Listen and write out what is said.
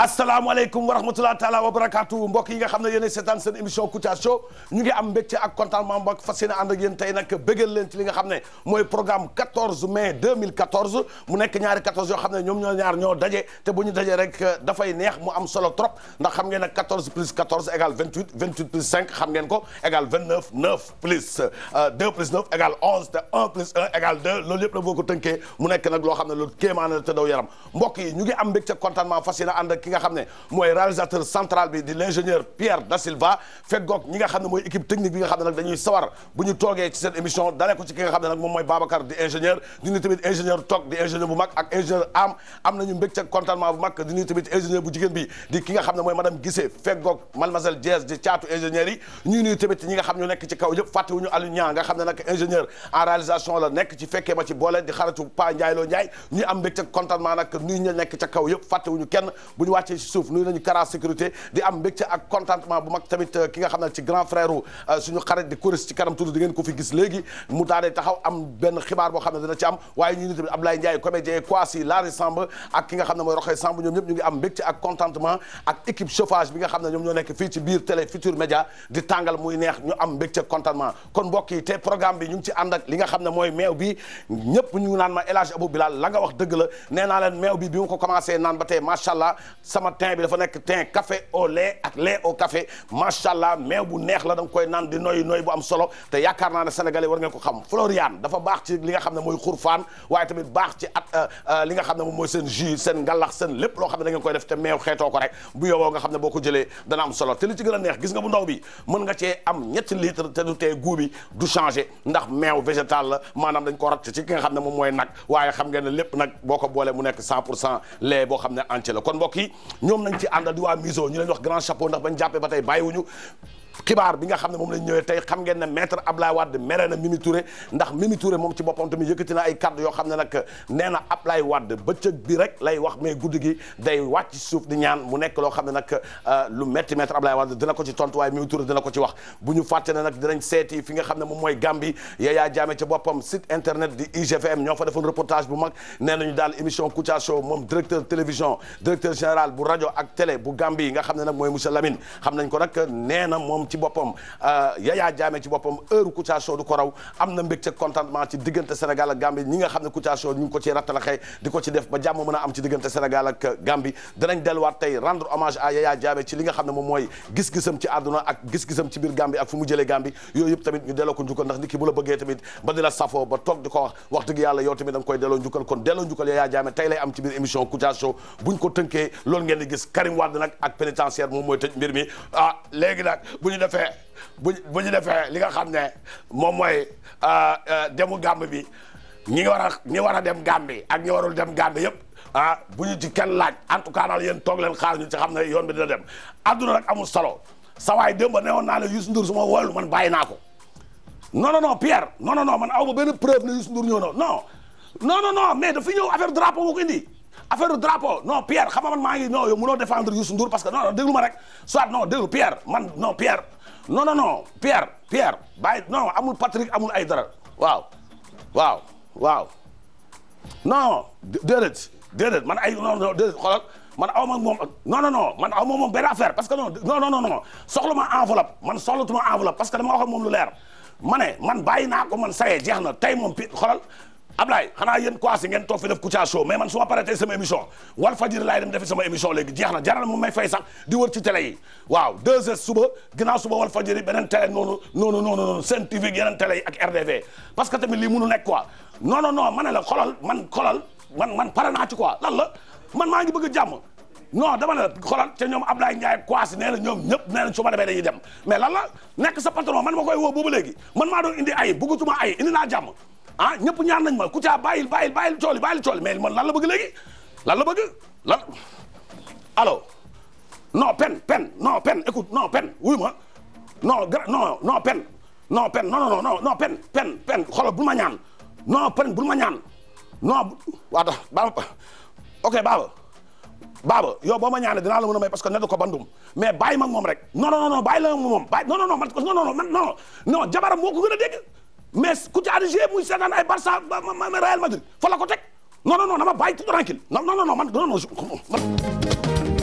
asalaamaaleykum wa rahmatulah wa barakaatu mbokk yi nga xam ne yéen a seetaan seen émission Kouthia Show ñu ngi am mbégte ak contentement mbokk fas yéene leen ci li nga xam ne mooy programme 14 mai 2014 mu ne ñoo ñoo daje te bu ñu daje rek dafay neex mu am solo trop ndax xam ngeen nag 14 plus 14 égale 28 28 plus 5 xam ngeen ko égale 29 euh, te 1 plus 1 égale 2 loolu yëpp la boo ko tënkee xam ne loolu kéemaan te daw yaram nga xam ne mooy réalisateur central bi di l' Pierre Da Silva feggoog ñi nga xam ne mooy équipe technique bi nga xam ne nag dañuy sawar bu ñu toogee ci seen émission dalee ko ci ki nga xam ne nag mooy Babacar di ingénieur di nuyu tamit ingénieur toog di ingénieur bu mag ak ingénieur am am di ingénieur bu jigéen bi di ki nga xam ne mooy madame Guissé feggoog mademoiselle Diaz di caatu ingénieur yi nga xam ne nag ingénieur en réalisation wàccee si suuf nuyu nañu Kara sécurité di am mbégte ak contentement bu mag tamit euh, ki nga xam ne ci grand frère euh, suñu xarit di kuris ci kanam tuuti di ngeen ko fi gis léegi mu daadee taxaw am benn xibaar boo xam ne dina ci am waaye ñu ni tamit Ablaye Ndiaye comédien Kwasi Larry Samb ak ki nga xam ne mooy Roxee Samb ñoom a am contentement ak équipe chauffage bi nga xam ne ñoom ñoo nekk fii ci biir télé Futur Média di tàngal muy neex ñu am mbégte contentement kon mbokk yi te programme bi ñu ngi ci ànd ak li nga xam ne mooy meew bi ñëpp ñu naan ma El Hadj la nga wax dëgg la nee naa leen meew bi bi mu ko commencé naan ba sama teint bi dafa nekk teint café au lait ak lait au café macha allah meew bu neex la da nga koy naan di noy noy bu am solo te yaakaar naa ne sénégalais war ngeen ko xam Florian dafa baax ci li nga xam ne mooy xurfaan waaye tamit baax ci at euh, euh, li nga xam ne moom mooy seen jus seen ngalax seen lépp loo xam ne da ngeen koy def te meew xeetoo ko rek bu yowoo nga xam ne boo ko jëlee dana am solo te li ci gën a neex gis nga bu ndaw bi mën nga cee am ñetti litre te du tee goût bi du changé ndax meew végétal la maanaam dañ ko ratt ci ki nga xam ne moom mooy nag waaye xam ngeen ne lépp nag boo ko boolee mu nekk 100 pour cent lait boo xam ne entier la kon mbokk yi ñoom nañ ci àndal di waa miso ñu leen wax grand chapeau ndax bañ jàppee ba tey bàyyiwuñu xibaar bi nga xam ne moom lañ ñëwee tey xam ngeen ne maître Ablaye Wade mere na Mimi Touré ndax Mimi Touré moom ci boppam tamit yëkkati na ay kàddu yoo xam ne nag nee na Ablaye Wade bëccëg bi rek lay wax mais guddi gi day ci suuf di ñaan mu nekk loo xam ne nag euh, lu metti maître Ablaye Wade dina ko ci tontu waaye Mimi Touré dina ko ci wax bu ñu fàtte ne nag dinañ seeti fi nga xam ne moom mooy Gambie Yaya Jammeh ci boppam site internet di IGFM ñoo fa defoon reportage bu mag nee nañu daal émission Kouthia Show moom directeur télévision directeur général bu rajo ak télé bu Gambie nga xam ne nag mooy monsieur Lamine xam nañ ko nag nee na moom boppam euh, Yaya Jammeh ci boppam heure Kouthia Show du ko raw am na mbégte contentement ci diggante Sénégal ak Gambie xam ne Kouthia Show ñu ko ci rattalaxee di ko ci def ba jàmm mën a am ci diggante Sénégal ak Gambie danañ delluwaat tey rendre hommage à Yaya Jammeh ci li xam ne moom mooy gis-gisam ci àdduna ak gis-gisam ci biir Gambie ak fu mu jëlee yooyu tamit ñu delloo ko njukkal ndax nit ki bu bëggee tamit ba di safoo ba toog di ko wax wax dëgg defee bu bu ñu defee li nga xam ne moom mooy euh, euh, demu gàmb bi ñi war a ñi war a dem gàmbi ak ñi warul dem gàmbi yëpp ah bu ñu ci kenn laaj en tout cas daal yéen toog leen xaar ñu ci xam ne yoon bi dina dem adduna rek amul solo sa waay ba ne woon naa la Youssou Ndour su ma man bàyyi naa ko no non non Pierre non non non man aw ma benn preuve ne Youssou Ndour ñëw na non non non non mais dafa ñëw affaire drapeau moo indi. affaire drapeau no Pierre xam nga man maa ngi non yow mënoo défendre Youssou Ndour parce que non non ma rek soit non déglu Pierre man non Pierre non non bàyyi non amul Patrick amul ay dara waaw waaw waaw non déedéet déedéet man ay non non déedéet xoolal man aw ma moom non non parce que non non non non soxla ma enveloppe man soxlatuma enveloppe parce que dama wax ak lu leer ma ne man bàyyi naa ko man sayee jeex na tey moom pi Ablaye xanaa yéen quoi si ngeen toog fi def Kouthia Show mais man su ma paree tey sama émission Walf Fadjri laay dem defi sama émission léegi jeex na jaral mu may fay sax di wër ci télé yi waaw 2h suba ginnaaw suba beneen télé noonu noonu noonu noonu yeneen télé ak RDV parce que tamit lii mënu nekk quoi non non non la xolal man xolal man man pare naa ci quoi lan la man maa ngi bëgg a jàmm non dama ne la xoolal te ñoom Ablaye Ndiaye Kouassi nee na ñoom ñëpp nee na su dem mais lan nekk sa patron man ma koy woo boobu léegi man maa doon ay bëggatuma ay indi ah ñëpp ñaan nañ ma Kouthia bàyyil bàyyil bàyyil cooli bàyyil cooli mais man lan la bëgg léegi pen pen non pen écoute non pen wuy ma non gra non pen non pen non non non non pen pen pen xoolal bul ma ñaan non pen bul ma ñaan non waata baaba ok baaba baaba yow boo ma dinaa la mën a may parce que netu ko bandum mais bàyyi ma moom rek non non non la moom bàyyi non jabaram moo ko gën a dégg mais ku ci arrangé muy seetaan ay Barça Real Madrid fa la ko teg non non non na ma bàyyi tout tranquille non non non man non non man.